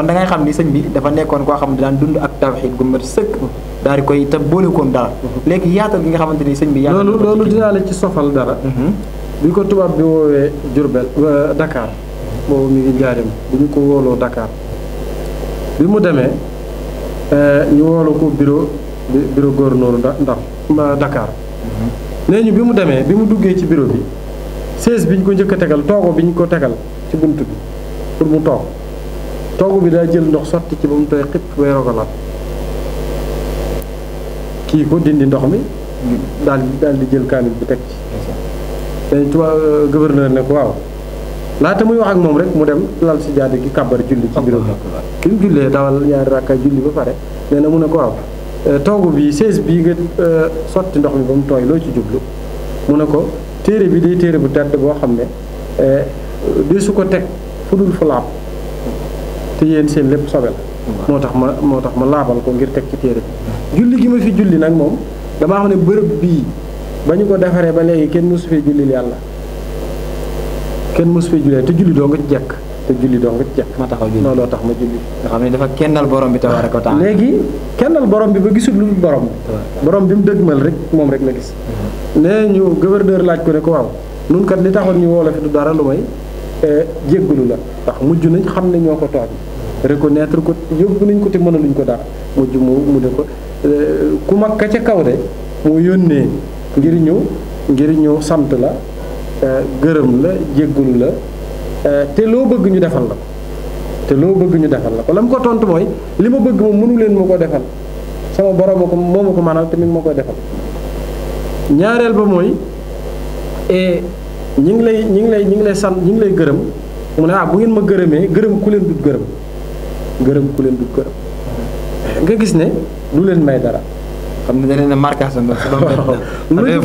kon da ngay xam ni sëñ bi dafa nekkoon koo xam ne daan dund ak tawxiid gu mat sëkk daal di koy te boolekoon dara léegi yaatal gi nga xamante ni sëñ bi yaatal loolu loolu dinaa la ci sofal dara mhm. bi ko tubaab bi woowee Jurbel euh, Dakar boobu mi ngi njaarim bi ñu ko wooloo dakaar bi mu demee euh, ñu woolu ko biro bureau bureau gouverneur ndax Dakar mhm. nee ñu bi mu demee bi mu duggee ci biro bi siège bi ñu ko njëkk tegal toogo bi ñu ko tegal ci bunt bi pour mu toog togg bi daa jël ndox sotti ci ba mu tooy xëpp bay roog a kii ko dindi ndox mi daal daal di jël kaamil bi teg ci dañ tuba gouverneur ne ko waaw laata muy wax ak moom rek mu dem lal si jaade gi kàbbar julli ci biiram bi mu jullee dawal ñaari rakka julli ba pare nee na mu ne ko waaw euh, togg bi sées bii nga euh, sotti ndox mi ba mu tooy loo ci jublu mu ne ko téere bi day téere bu tedd boo xam ne euh, di ko teg fu dul fu laab te yeen seen lépp sobel la moo tax ma moo tax ma laabal ko ngir teg ci téere julli gi ma fi julli nag moom dama xam ne bërëb bii ba ñu ko defaree ba léegi kenn mosu fee jullil yàlla kenn mosu fee julli te julli doo nga ci jekk te julli doo nga ci jekk ma taxaw julli looloo tax ma julli nga xam ne dafa kennal borom bi tabaraka ko taala léegi kennal borom bi ba gisul lu borom borom bi mu dëgmal rek moom rek la gis mhm. nee ñu gouverneur laaj ko ne ko waaw nun kat li taxoon ñu woo fi du dara lu may jéggalu la ndax mujj nañ xam ne ñoo ko tooñ reconnaître ko yóbbu nañ ko te mënaluñ ko dara mujj mu mu ne ko euh, ku mag ka ca kaw de moo yónnee ngir ñëw ngir ñëw sant la euh, gërëm la jéggalu la te loo bëgg ñu defal la te loo bëgg ñu defal la ko la mu ko tontu mooy li ma bëgg moom mënu leen ma ko defal sama borom ko moo ma ko mënal te mi ngi ma koy defal ñaareel ba mooy ñu ngi lay ñu ngi lay ñi ngi lay sant ñi ngi lay gërëm mu ne ah bu ngeen ma gërëmee gërëm ku leen dut gërëm gërëm ku leen dut gërëm nga gis ne lu leen may dara. xam ne da leen a marqué sa ndox. Mm-hmm. na ne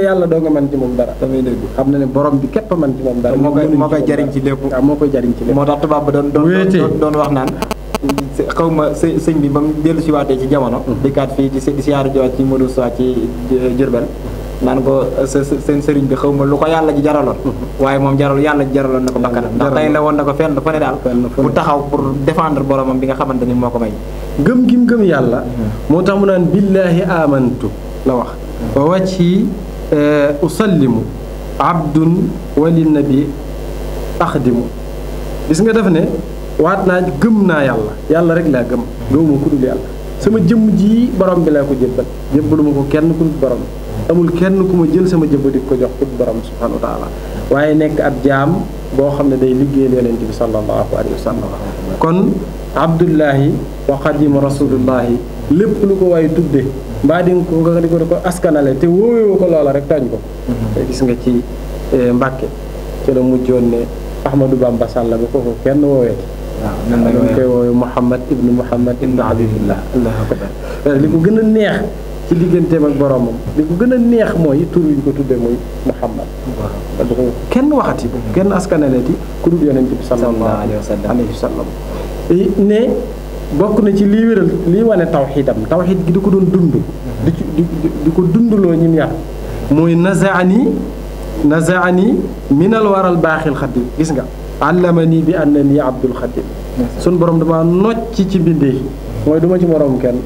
doo nga mën ci moom dara. damay dégg xam ne borom bi képp a ci moom dara. moo koy moo koy jariñ ci lépp. waaw ah, moo koy jariñ ci lépp. moo tax tubaab ba doon doon doon wax naan. xaw ma së sëñ bi ba mu dellu si waatee ci jamono. Mm. dikkaat fii di di siyaaru jox ci Modou Sow ci Jurbel euh, naan ko euh, sa seen sëriñ bi xaw ma lu ko yàlla ji jaraloon. Mm-hmm. waaye moom jaral yàlla ji jaraloon na ko bakkanam mm-hmm. ndax tey la woon na ko fenn fa ne daal. bu taxaw pour défendre boromam bi nga xamante ni moo ko may. gëm gim gëm yàlla. Mm-hmm. moo tax mu naan billaahi amantu la wax. wa wajhi euh, usallimu abdun walin nabi axdimu gis nga def ne. waat naa gëm naa yàlla yàlla rek laa gëm gëmuma ku dul yàlla sama jëmm jii borom bi laa ko jébbal jébbaluma ko kenn ku dul borom amul kenn ku ma jël sama jëmm di ko jox ku dul borom subhanahu wa waaye nekk ab jaam boo xam ne day liggéeyal yonente bi sallallahu alayhi wa sallam kon abdullahi wa xadimu lépp lu ko waaye tudde mbaa di ko nga di ko askanale te wóoyoo ko loola rek tooñ ko gis nga ci eh, mbàkke ci la mujjoon ne ahmadou bamba sàll ba kooku kenn woowee waaw ñu ngi koy woowee Mouhamad ibnu Mouhamad ibnu Abdillah allahu akbar li ko gën a neex ci digganteem ak boromam li ko gën a neex mooy tur wi ñu ko tuddee mooy Mouhamad. waaw da ko kenn waxati bu kenn askanaleeti ku dul yonent bi sallallahu alayhi wa sallam ne bokk na ci lii wéral lii wane tawxiidam tawxiid gi di ko doon dund. di ci di ko dundaloo ñun yar mooy nazaani nazaani minal waral baaxil xadim gis nga. allamani bi annani abdul xatim suñ boroom dama nocc ci mbindee mooy du ci moroom kenn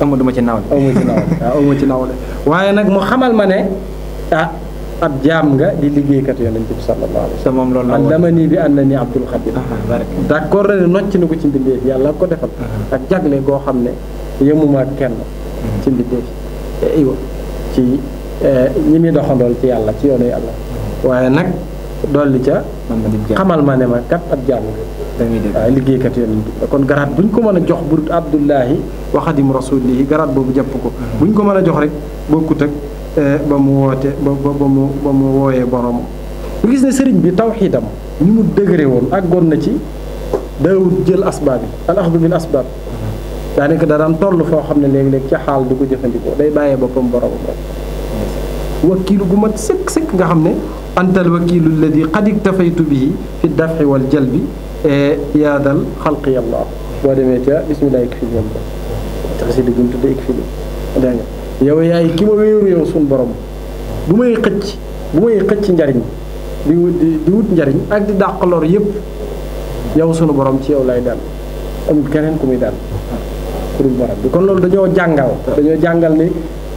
amu du ma ci nawle amu ci nawle waaw ah, amu ci nawle waaye nag mu xamal ma ne ah ab jaam nga di liggéeykat yonent bi sallallahu alayhi wa sallam moom loolu allamani bi annani abdul xatim d'accord na ne nocc ni ko ci mbindee yàlla ko defal ak jagle goo xam ne yemuma kenn ci mbindee iwa eh, ci eh, ñi muy doxandool ci yàlla ci yoonu yàlla waaye nag dolli ca xamal ma ne ma kat ak ab jàmm waaw liggéeykat yoon kon garaat bu ñu ko mën a jox burut abdullahi wa xadim rasulihi garaat boobu jàpp ko mm-hmm. bu ñu ko mën a jox rek bokkut ak eh, ba mu woote ba ba mu mu wooyee borom bu gis ne sëriñ bi tawxiidam ni mu dëgëre woon àggoon na ci daawut jël asbaab yi al axdu bil asbaab mm-hmm. daanaka da daan toll foo xam ne léegi-léeg ca xaal du ko jëfandikoo day bàyyee boppam borom wakiilu gu mat sëkk sëkk nga xam ne antal wakiilu alladi qad iktafaytu bihi fi dafi wal jalbi e yaadal xalqi allah boo demee ca bismillah ik fili yam taxasi di gum tudde ik fili dégg yaay ki ma wéeru yow suñ borom bu may xëcc bu may xëcc njariñ di di wut njariñ ak di dàq lor yépp yow sunu borom ci yow lay dal amul keneen ku muy dal ku dul borom bi kon loolu dañoo jàngal dañoo jàngal ni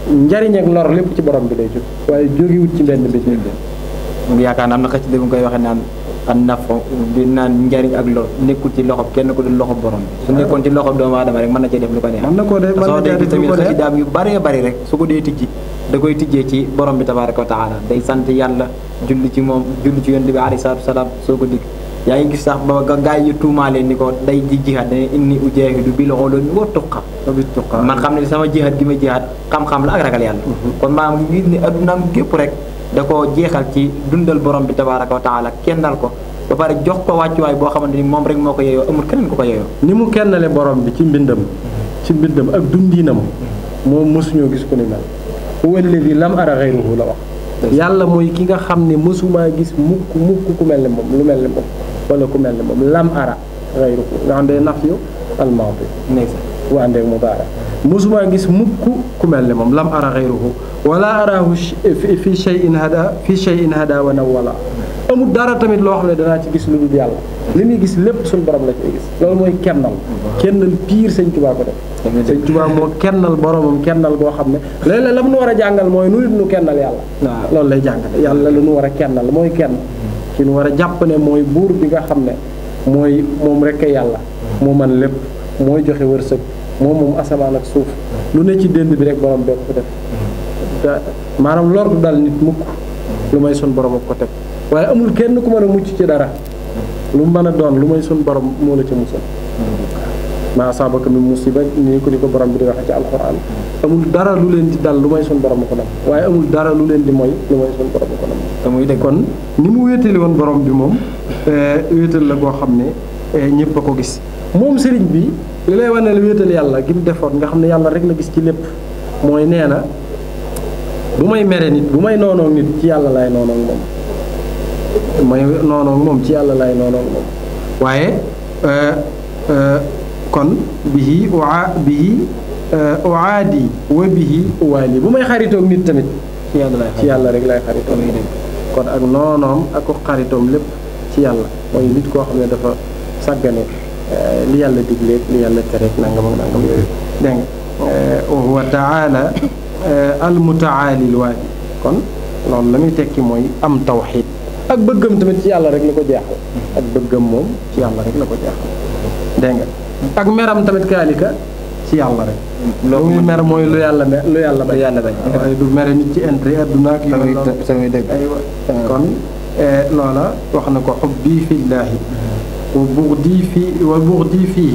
njariñ ak lor lépp ci borom bi lay jóg waaye jógewut ci benn bés bi yaakaar na am na xëcc dégg nga koy waxee naan a nafa di naan njariñ ak lor nekkul ci loxob kenn ku dul loxob borom bi su nekkoon ci loxob doomu aadama rek mën na cee def lu ko neex na koo soo dee tamit xëcc daam yu bëree bëri rek su ko dee tijji da koy tijjee ci borom bi tabaaraka wa taala day sant yàlla julli ci moom julli ci yonent bi alayhi salaatu wa salaam soo ko dikk yaa ngi gis sax ba gaa yi tuumaalee ni ko day di jihaad dana inni ujaahidu bil ulumi wa tuqa man xam ne sama jihaad gi ma jihaad xam-xam la ak ragal yàlla mhm. kon maam ngi ne addunaam gépp rek da ko jeexal ci dundal borom bi tabaaraka wa taala kennal ko ba jox ko wàccuwaay boo xamante ni moom rek moo ko yeyoo amul keneen ku ko yeyoo ni mu kennale borom bi ci mbindam mhm. ci mbindam ak dundiinam mhm. moom mësuñoo gis ku ni mel huwa alladi lam ara xayruhu la wax yàlla mooy ki nga xam ne mësumaa gis mukk mukk ku mel ne moom lu mel ne moom wala ku mel ne moom lam ara xayruhu nga xam ne nafyu al maadi ndeysaan bu àndeeg mubaara mosuma gis mukk ku mel ne moom lam ara xayruhu wala arahu fi cheyin hada fi cheyin hada wa nawala amul dara tamit loo xam ne danaa ci gis lu dul yàlla li muy gis lépp suñu borom la ciy gis loolu mooy kennal kennal piir sëñ Tuubaa ko def sëñ Tuubaa moo kennal boromam kennal goo xam ne léeg-léeg la mu nu war a jàngal mooy nu nit nu kennal yàlla loolu lay jàngale yàlla lu nu war a kennal mooy kenn war a jàpp ne mooy buur bi nga xam ne mooy moom rekk yàlla moo man lépp mooy joxe wërsëg moo moom asamaan ak suuf lu ne ci dénd bi rek borom bee ko def te maanaam lor du dal nit mukk lu may sun borom ak ko teg waaye amul kenn ku mën a mucc ci dara lu mën a doon lu may sun borom moo la ca musal naa asaabaka min musiba ni ko ni ko borom bi di waxee ci alxuraan amul dara lu leen di dal lu may suñu borom ko nam waaye amul dara lu leen di mooy lu may suñu borom ko nam te muy de kon ni woon borom bi moom eh, wéetal la boo xam ne eh, ñëpp a ko gis moom sëriñ bi li lay wane la wéetal yàlla gi mu defoon nga xam ne yàlla rek la gis ci lépp mooy nee na bu may mere nit bu may noonoo ci yàlla lay noonoo moom moom ci yàlla lay noonoo moom waaye eh, كن به وعا به أعادي وبه أوالي بما يخاريتوك نيت تمت في الله في الله رجلا يخاريتوك نيت كن أغنانهم أكو خاريتوك لب في الله وي نيت كو أخمي دفع سجنه لي الله دقلت لي الله ترك نعم نعم دين وهو تعالى المتعالي الوالي كن لون لم يتكي موي أم توحيد أكبر جمت مت في الله رجلا كو جاهل أكبر جمم في الله رجلا كو جاهل دين tak meram tamit kalika ci yàlla rek. lo mer moy lu yàlla mer lu yàlla ba yàlla bañ ay du mer nit ci intérêt aduna ak. yooyu samay dëgg aywa kon loola wax na ko xubbi fillaahi wa bughdi fi wa bughdi fi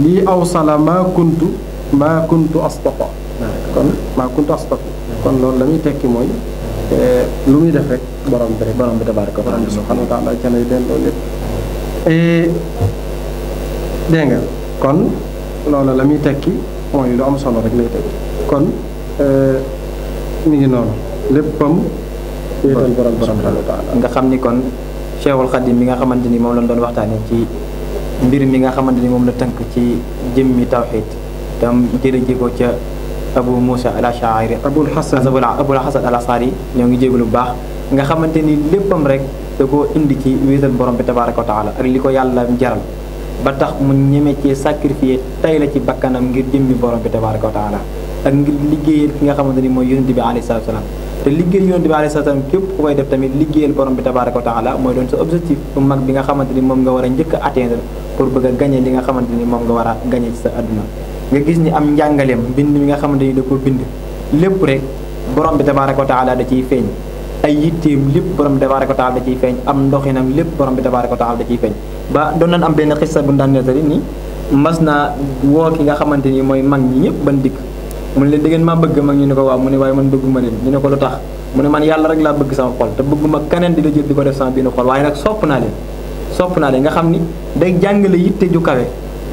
li awsala ma kuntu ma kuntu astaqa kon ma kuntu astaqa kon loolu lamuy muy tekki mooy lu muy def rek borom bi rek borom bi tabaraka subhanahu wa taala ca lay delloo lépp denga kon lolo lamuy muy tekki mooy lu am solo rek lay tekki kon euh, ni ngi non leppam yeetal borom borom taala nga xamni kon cheikhul khadim mi nga xamanteni ni lañ doon waxtaane ci mbir mi nga xamanteni ni la tank ci jëmmi tawhid tam jere jego ci abu musa al ashaari abu hasan al hasan al ashaari ñoo ngi jéglu lu baax nga xamanteni ni rek da ko indi ci wéetal borom bi tabaaraku taala ak liko yalla jaral ba tax mu ñeme cee sacrifier tay la ci bakkanam ngir jëmmi borom bi tabaraka wa taala ak ngir liggéeyal ki nga xamante ni mooy yonent bi alayhi salaatu salaam te liggéeyal yonent bi alayhi salaatu salaam képp ku koy def tamit liggéeyal borom bi tabaraka wa taala mooy doon sa objectif bu mag nga xamante ni moom nga war a njëkk a pour bëgg a gagné nga xamante ni moom nga war a gagné sa adduna nga gis ni am njàngaleem bind mi nga xamante ni da ko bind lépp rek borom bi tabaraka wa taala da ciy feeñ ay yitteem lépp borom bi tabaraka wa taala da ciy feeñ am ndoxinam lépp borom bi tabaraka wa taala da ciy feeñ ba doon nañ am ben xissa bu ndane nettali ni masna wo ki nga xamanteni ni mag ni ñepp ban dik mu ne leen da bëgg mag ñu ne ko wa mu ne way man bëgguma leen ñu ne ko lu mu ne man yalla rek la bëgg sama xol te bëgguma kenen di la jël di def sama biir xol waaye nak sopp na leen sopp na leen nga xamni ni day jangale yitte ju kawé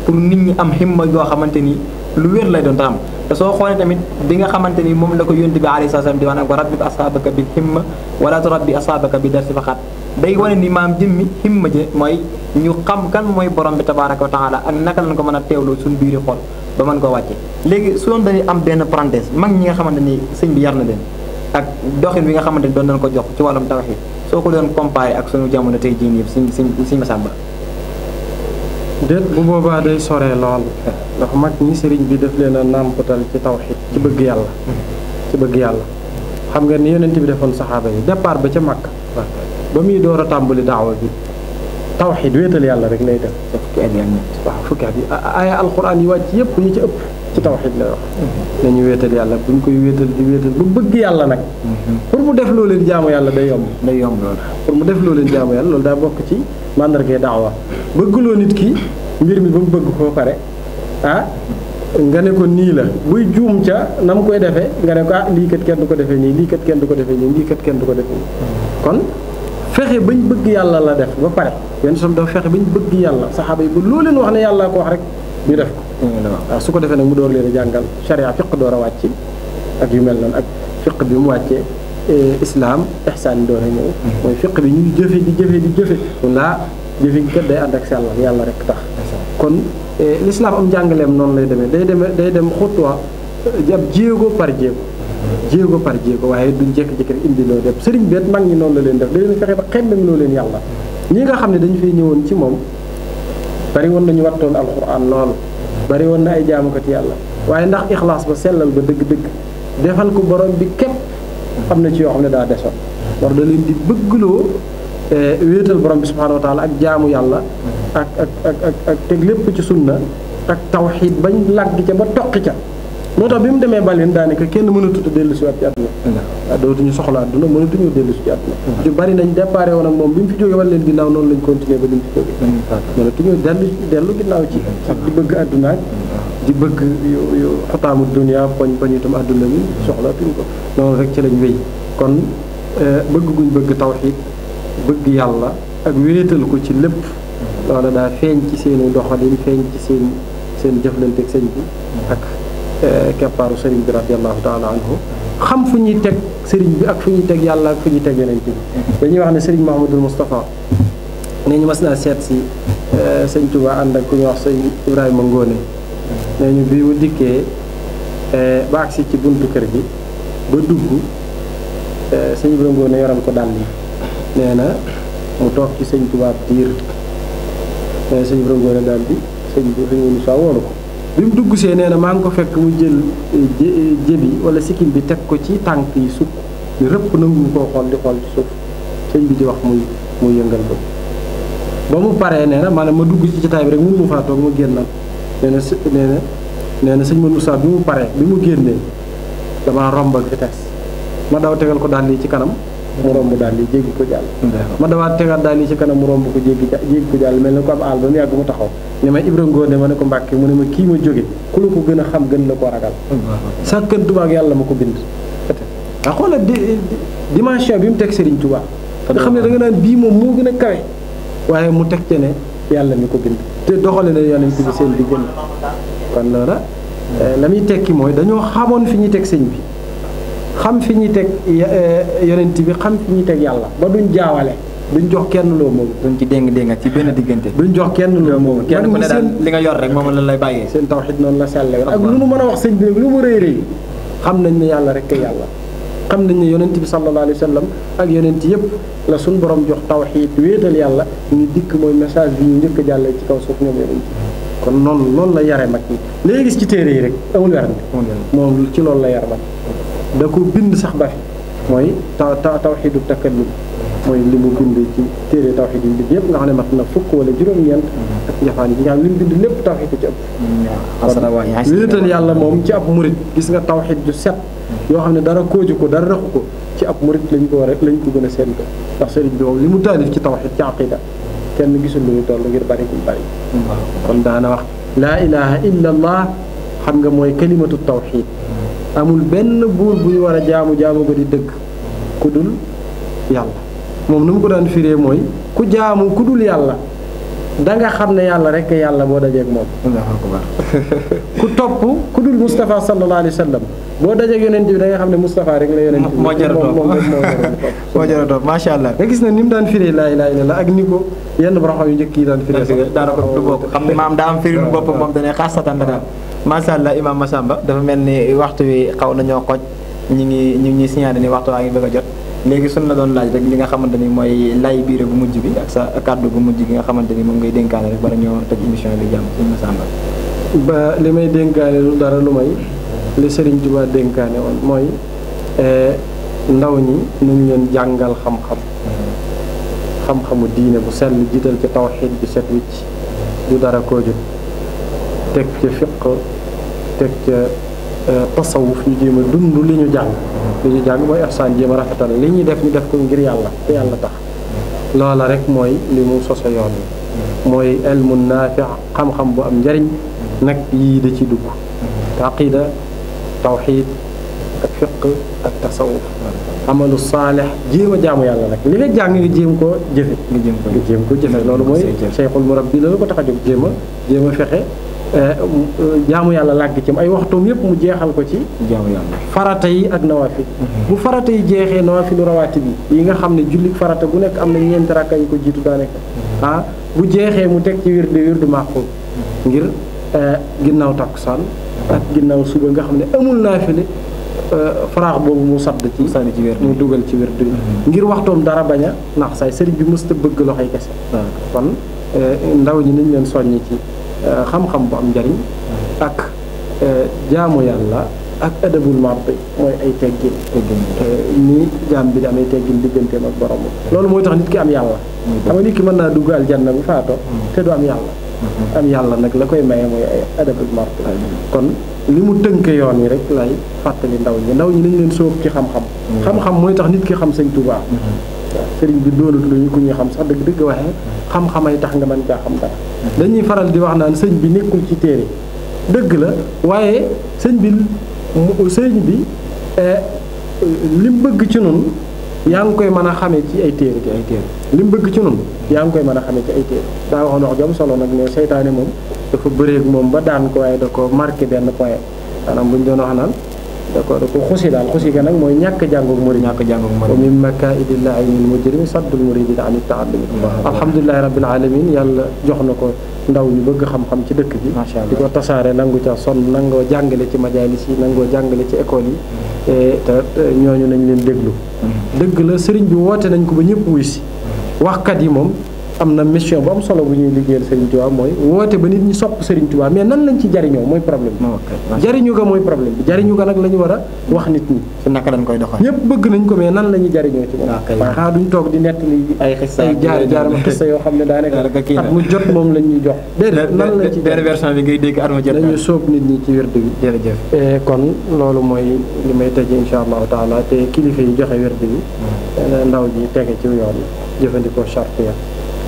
pour nit ñi am himma yoo xamanteni ni lu wër lay doon tam da so xone tamit bi nga xamanteni ni la ko yónni bi ali salaam di wax nag wa rabbi ashabaka bi himma wala ashabaka bi darsi fakhat day wane ni maam jëmmi himma je mooy ñu xam kan mooy borom bi tabaaraka wa taala ak naka lañ ko mën a teewloo suñu biiri xool ba mën koo wàcce léegi su doon dañuy am benn parenthèse mag ñi nga xamante ni sëñ bi yar na leen ak doxin bi nga xamante ni doon nañ ko jox ci wàllum tawxiid soo ko doon comparé ak suñu jamono tey jii nii suñ suñ suñ masamba déet bu boobaa day soree lool ndax mag ñi sëriñ bi def leen a nàmputal ci tawxiid ci bëgg yàlla ci bëgg yàlla xam nga ni yonent bi defoon saxaaba yi départ ba ca Makka ba muy door a tàmbali daawa bi tawxid wéetal yàlla rek lay def ca fukki at yi ak fukki at yi alquran yi wàcc yépp ñu ci ëpp ci tawxid la wax mhm. nañu wéetal yàlla buñ koy wéetal di wéetal bu bëgg yàlla nag mhm. pour mu def loo leen jaamu yàlla day yomb day yomb loolu pour mu def loo leen jaamu yàlla loolu daa bokk ci mandargay daawa bëggloo nit ki mbir mi ba mu bëgg koo pare ah nga ne ko nii la buy juum ca na mu koy defee nga ne ko ah lii kat kenn du ko defee nii lii kat kenn du ko defee nii lii kat kenn du ko defee nii mhm. kon fexe bañ bëgg yàlla la def ba pare yenn sam dafa fexe bañ bëgg yàlla saxaaba yi bu loo leen wax ne yàllaa ko wax rek ñu def ko waaw su ko defee nag mu door leen jàngal charia fiq door a wàcc ak yu mel noonu ak fiq bi mu wàccee eh, islaam ihsaan door a ñëw mm-hmm. mooy fiq bi ñuy jëfe di jëfe di jëfe mun laa jëfe gi kat day ànd ak sellal yàlla rek tax kon eh, lislaam am njàngaleem noonu lay demee day demee day dem xutwa ab jéego par jéego jéego par jéego waaye duñ jékki-jékki rek indi loo def sëriñ beet mag ñi noonu la leen def dañu leen fexe ba xemmem loo leen yàlla ñi nga xam ne dañu fay ñëwoon ci moom bari woon nañu wattoon alquran lool bari woon na ay jaamukat yàlla waaye ndax ixlaas ba sellal ba dëgg-dëgg defal ko borom bi képp am na ci yoo xam ne daa desoon war da leen di bëggloo eh, wéetal borom bi subhanahu wa taala ak jaamu yàlla ak ak ak ak ak teg lépp ci sunna ak tawxid bañ lagg ca ba toqi ca moo tax bi mu demee Baleen daanaka kenn mënatut a dellu si waat ci àdduna waaw mm-hmm. ah, dootuñu soxla àdduna mënatuñu dellu si ci àdduna ñu mm-hmm. bari nañ déparé woon ak moom bi mu fi jógee wala leen ginnaaw noonu lañ continuer ba duñ fi jógee mm-hmm. mënatuñu dellu dellu ginnaaw ci di bëgg àdduna ak di bëgg yu xotaamu dunia poñ poñ itam àdduna bi soxlaatuñ ko noonu rek ci lañ wéy kon eh, bëgg guñ bëgg tawxiid bëgg yàlla ak wéetal ko ci lépp loola daa feeñ ci seeni doxalin feeñ ci seen seen jëflante ak sëñ bi ak Eh, keppaaru sëriñ bi radiallahu taala anhu xam fu ñuy teg sëriñ bi ak fu ñuy teg yàlla ak fu ñuy teg yonent bi dañuy wax ne sëriñ Mahamadul Moustapha nee ñu mas naa seet si eh, sëñ Touba ànd ak ku ñuy wax sëñ Ibrahima ngoone nee ñu bi mu dikkee eh, ba agsi ci buntu kër bi ba dugg sëñ Ibrahima Ngóone ko dàll yi nee na mu toog ci sëñ Touba diir nee sëñ Ibrahima Ngóone daal bi sëñ bi sëñ Moussa woolu ko bi mu dugg see nee na maa ngi ko fekk mu jël eh, eh, jëbi wala sikkim bi teg ko ci tànk yi sukk di rëpp nanguñu koo xool di xool ci suuf sëñ bi di wax muy muy yëngal ko ba mu paree nee na maanaam ma dugg ci jotaay bi rek mënu ma faa toog ma génnal nee na nee na nee na sëñ Moussa bi mu paree bi mu génnee damaa rombal vitesse ma daw tegal ko daal lii ci kanam mu romb daal di jéggi ko jàll ma damaa tegaat daal di ci kanam mu romb ko jéggi jéggi ko jàll mel na ko ab àll ba mu yàgg mu taxaw ne ma Ibra Ngóone ma ne ko Mbàkke mu ne ma kii ma jóge ku la ko gën a xam gën la ko ragal sàkkan tubaab yàlla ma ko bind waa ah, xoolal dimension bi mu teg Serigne Touba nga xam ne da nga bii moom moo gën a kawe waaye mu teg ca ne yàlla mi ko bind te doxale na yonent bi seen diggante kon loola eh, la muy tekki mooy dañoo xamoon fi ñuy teg sëñ bi xam fi ñi teg yonent bi xam fi ñi teg yàlla ba duñ jaawale duñ jox kenn loo moom duñ ci déng dénga ci benn diggante duñ jox kenn loo moom kenn ku ne daal li nga yor rek moom la lay bàyyee seen tawxid noonu la selle ak lu mu mën a wax sëñ bi lu mu rëy rëy xam nañ ne yàlla rek kay yàlla xam nañ ne yonent bi sallallahu alayhi wasallam ak yonent yëpp la suñ borom jox tawxid wéetal yàlla ñu dikk mooy message bi ñu njëkk jàllee ci kaw suuf ñoom yonent kon noonu loolu la yare mag ñi lay gis ci téere yi rek amul werante moom ci loolu la yar mag da ko bind sax ba fi mooy ta tawxidu takallum mooy li mu bind ci téere tawxid yi bind yëpp nga xam ne mat na fukk wala juróom-ñeent ak jaxaan yi nga xam ne li mu bind lépp tawxid ci ëpp wéetal yàlla moom ci ab murit gis nga tawxid ju set yoo xam ne dara kooju ko dara raxu ko ci ab murit lañ ko war a lañ ko gën a seen ko ndax sëriñ bi moom li mu taalif ci tawxid ci aqida kenn gisul lu ñu toll ngir bari ku bari kon daana wax laa ilaha illa allah xam nga mooy kalimatu tawxid amul benn buur bu war a jaamu jaamu ko di dëgg ku dul yàlla moom nu mu ko daan firee mooy ku jaamu ku dul yàlla da nga xam ne yàlla rek yàlla boo dajeeg moom. ku topp ku dul Moustapha sallallahu alayhi wa boo dajeeg yonent bi da xam ne Moustapha rek la yonent bi. moo jar a topp moom moo macha allah. gis ne ni mu daan firi laa ilaaha illallaah ak ni ko yenn borom yu njëkk yi daan firi. daanaka du bokk xam ne maam daa am firi bu bopp moom dañuy xaasatan allah imaam Massamba dafa mel ni waxtu wi xaw nañoo xoj ñi ngi ñu ngi signalé ni waxtu waa ngi bëgg a jot léegi suñ la doon laaj rek li nga xamante ni mooy lay biire bu mujj bi ak sa kàddu bu mujj gi nga xamante ni moom ngay dénkaane rek ñoo tëj émission bi jàmm suñu sàmba ba li may lu dara lu may li Serigne Touba dénkaane woon mooy eh, ndaw ñi nañ leen jàngal xam-xam xam-xamu diine bu sell jiital ci tawxiid bi set wicc du dara koo teg ca fiq teg ca Euh, tasawuf ñu jéem a dund li ñu jàng li ñu jàng mooy ihsaan jéem a rafetal li ñu def ñu def ko ngir yàlla te yàlla tax loola rek mooy li mu soso yoon bi mooy ilmu naafi xam-xam bu am njariñ nag yii da ci dugg te aqida tawxid ak fiq ak tasawuf amalu saalix jéem a jaamu yàlla nag li nga jàng nga jéem koo jëfe nga jéem ko jëfe loolu mooy cheikhul murabbi loolu ko tax a jóg jéema a jéem a fexe Eh, jaamu yàlla làgg ci ay waxtoom yépp mu jeexal ko ci jaamu yàlla farata yi ak nawafil mhm. bu farata yi jeexee nawafilu rawaatib bi yi nga xam ne julli farata bu nekk am na ñeenti rakka yu ko jiitu daanaka mhm. ah bu jeexee mu teg ci wirdu wirdu màqul mhm. ngir eh, ginnaaw takkusaan ak ginnaw suba nga xam ne amul naafile eh, faraax boobu mu sadd ci sànni ci mu dugal ci wirdu ngir waxtoom dara bañ a ndax saay sëriñ bi mës ta bëgg loxoy kese kon ndaw ñi nañ leen soññ ci Euh, xam-xam bu am njariñ ak euh, jaamu yàlla ak adabul mabbi mooy ay teggin euh, nii jaam bi di amee teggi digganteem ak borom loolu mooy tax nit ki am yàlla xam nga nit ki mën naa dugg aljanna bu faato te du am yàlla am yàlla nag la koy maye mooy ay adabul mabbi kon li mu tënk yoon yi rek lay fàttali ndaw ñi ndaw ñi nañ leen sóob ci xam-xam mm-hmm. xam-xam mooy tax nit ki xam sëñ Tuubaa sëriñ bi doonut lu ñu ko ñuy xam sax dëgg dëgg waxee xam-xamay tax nga mën caa xam dara dañuy faral di wax naan sëñ bi nekkul ci téere dëgg la waaye sëñ bi sëñ bi eh, li bëgg ci nun yaa ngi koy mën a xamee ci ay téere ci li mu bëgg ci nun yaa ngi koy mën a xamee ci ay téere daa waxoon wax jom solo nag ne seytaane moom dafa bëreeg moom ba daan ko waaye da ko marqué benn point maanaam bu doon wax naan d'accord xusi daal xusi ga nag mooy ñàkk jàngoog murid ñàkk jàngoog murid wa min makaidil lainil mujrim saddul muridin an taallumi alhamdulilahi rabbil alamin yàlla jox na ko ndaw ñu bëgg xam-xam ci dëkk bi di ko tasaare nangu ca sonn nangoo jàngale ci majalis yi nangoo jàngale ci ecole yi mm-hmm. eh, ñoo ñu nañu leen déglu mm-hmm. dëgg la sëriñ bi woote nañ ko ba ñëpp wuy si mm-hmm. waxkat yi moom am na mission bu am solo bu ñuy liggéeyal Serigne Touba mooy woote ba nit ñi sopp Serigne Touba mais nan lañ ci jariñoo mooy problème bi jariñu ga mooy problème bi nag la ñu war wax nit ñi su naka lañ koy doxal ñëpp bëgg nañ ko mais nan la ñuy jariñoo ci moom toog di nettali jaar jaaram yoo xam ne daanaka at mu jot moom lañ ñuy jox déedéet nan lañ ci benn version bi ngay dégg at mu jot dañuy sóob nit ñi ci wérdu bi jërëjëf eh, kon loolu mooy li may tëj insha allahu taala te kilifa yi joxe wérdu bi hmm. eh, ndaw ñi tege ci yoon jëfandikoo charte ya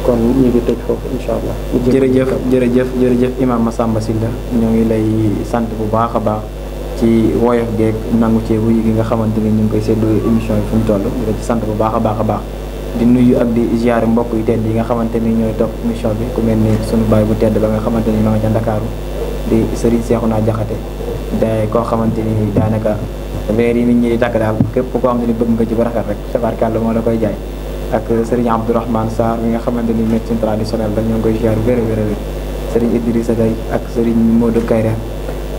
kon ñu ngi tëj foofu incha allah. jërëjëf jërëjëf jërëjëf Imam Massamba Sylla ñoo ngi lay sant bu baax a baax ci woyof geeg nangu ci wuyu yi nga xamante ni ñu ngi koy séddu émission yi fu ñu toll di sant bu baax a baax a baax di nuyu ak di ziare mbokk yu tedd yi nga xamante ni ñooy topp émission bi ku mel ni sunu baay bu tedd ba nga xamante ni ma nga ca Ndakaaru di Serigne Cheikhouna Diakhaté day koo xamante ni daanaka weer yi nit ñi di tàkk daal képp koo xam ne bëgg nga ci barakat rek la moo la koy jaay. ak serigne abdourahman sar mi nga xamanteni ni médecine traditionnelle la ñoo ngi koy ziar wér a wér a Idrissa gay ak serigne Modou kayra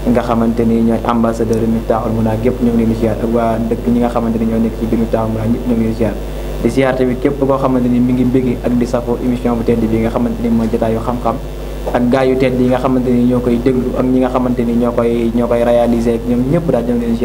nga xamanteni ñoy ambassadeur mi taxul Muna gep ñu ngi leen ak wa dëkk ñi nga xamanteni ni ñoo nekk ci bimu Miftahul Muna ñëpp ñu ngi leen di ziar tamit kep ko xamanteni mi ngi mbégi ak di safo émission bu tedd bi nga xamanteni mo jota yu xam-xam ak gaay yu tedd yi nga xamanteni ni ñoo ak ñi nga xamanteni ni ñoo réaliser ak ñoom ñëpp daal ñu leen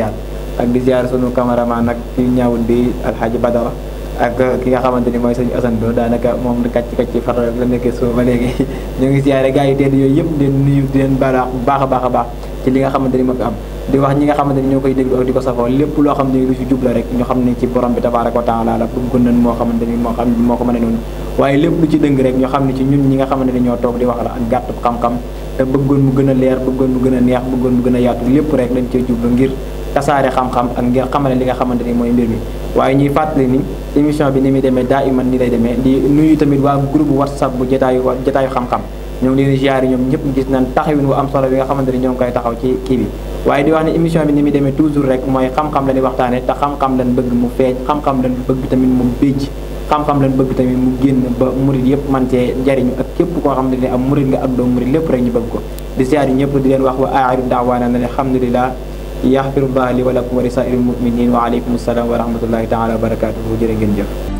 ak di ziar sunu cameraman nag fi ñaawul bi Alhaji Badara ak ki nga xamante ni mooy sëñ Assane daanaka moom kàcc kàcc far la nekkee soo ba léegi ñu ngi siyaare gars yooyu yëpp di nuyu di leen baax a baax a baax ci li nga xamante ni moo fi am di wax ñi nga xamante ni ñoo koy déglu ak di ko safoo loo xam ne lu ci jubla xam ne ci borom bi tabaaraka wa taala la moo xamante ni moo xam moo ko waaye lépp lu ci dëng rek ñu xam ne ci ñun ñi nga xamante ni ñoo toog di wax la ak gàtt xam-xam te bëggoon mu gën a leer bëggoon mu gën a neex bëggoon mu gën a yaatu lépp rek dañ cee jublu ngir tasaare xam-xam ak ngeen xamale li nga xamante ni mooy mbir mi waaye ñuy fàttali ni émission bi ni muy demee daa iman ni lay demee di nuyu tamit waa groupe whatsapp bu jotaayu jotaayu xam-xam ñoom leen ziar yi ñoom ñëpp gis nañ taxawin wu am solo bi nga xamante ni ñoo ngi koy taxaw ci kii bi waaye di wax ne émission bi ni muy demee toujours rek mooy xam-xam lañuy waxtaane te xam-xam lañ bëgg mu feeñ xam-xam lañ bëgg tamit mu béjj xam-xam lañ bëgg tamit mu na ba murit yëpp man cee jariñu ak koo xam ne ne am murit nga ak doo murit lépp rek ñu bëgg ko di ñëpp di leen wax wa aaxiru daawaana ne alhamdulillah yaxfirullah li wa lakum wa lisaa'iril mu'minin wa aleykum salaam wa rahmatullahi taala wa barakatuhu jërë ngeen jëf